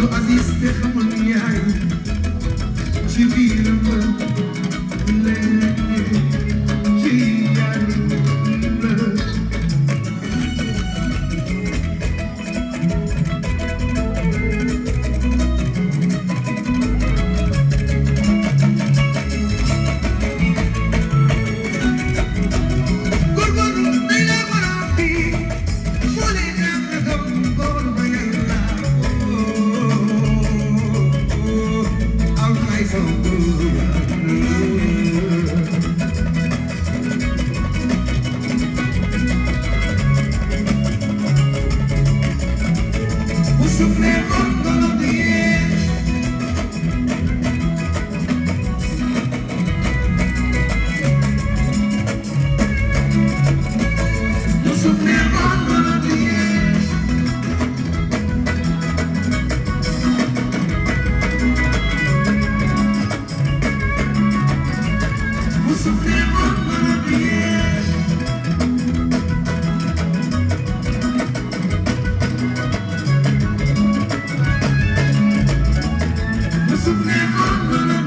Abdou Aziz te xamul yaay of heaven.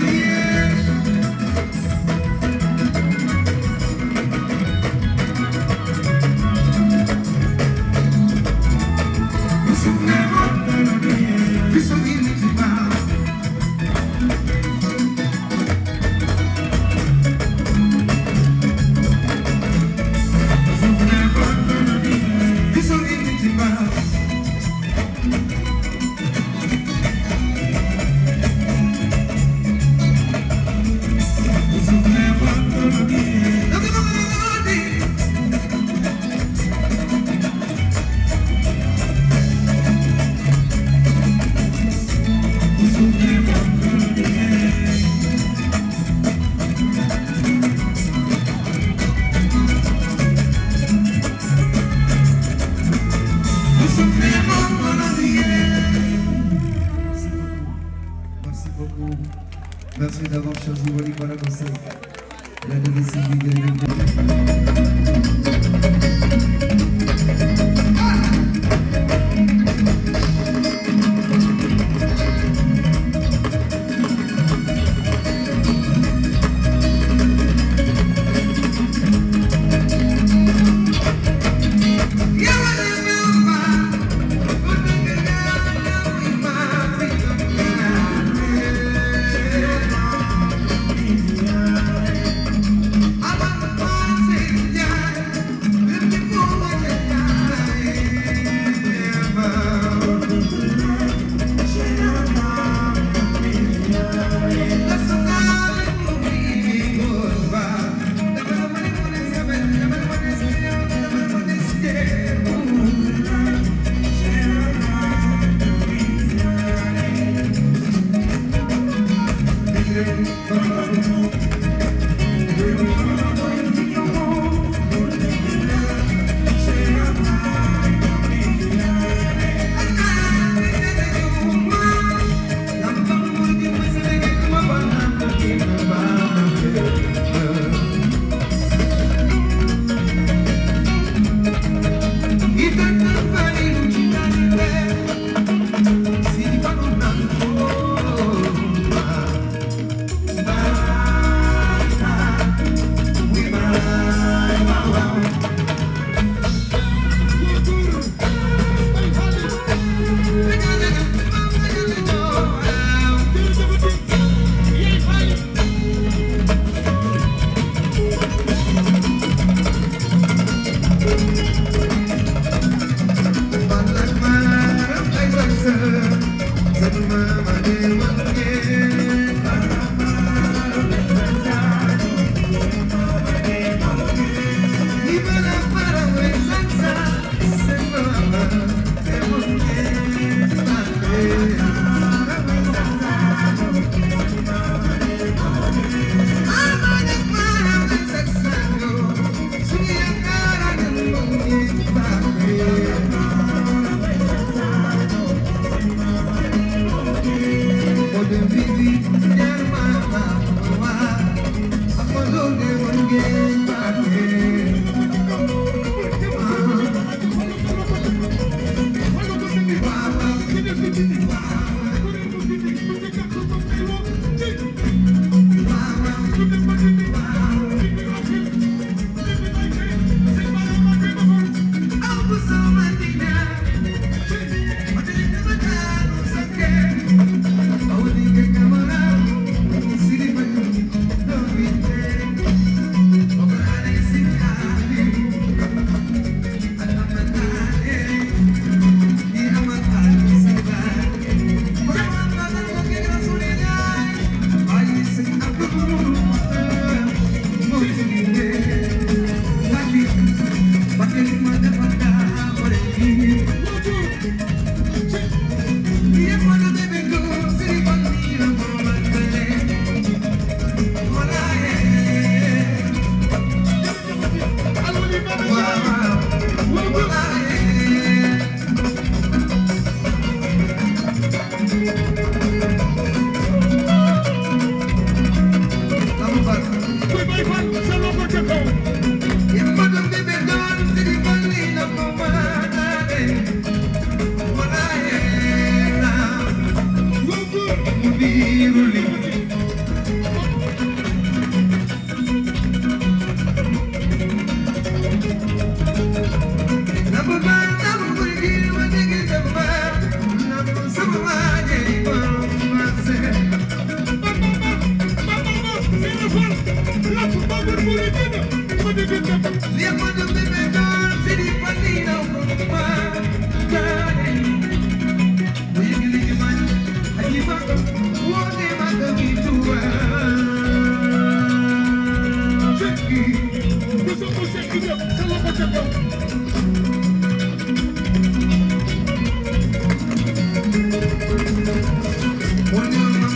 ma Merci d'avoir choisi Wally Balagosa. La a civile mama. Fat sa loxo ca kaw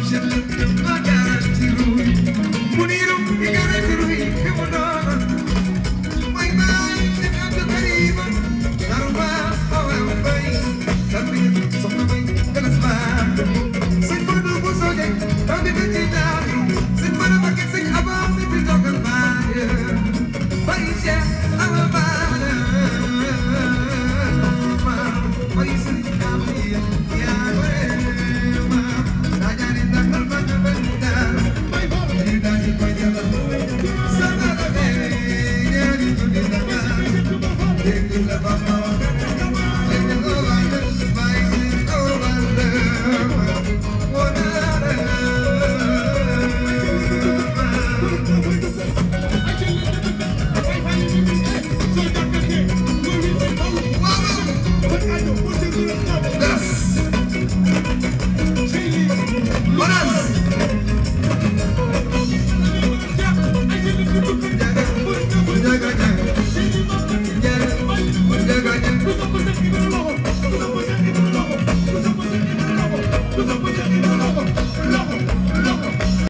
Should look at my ba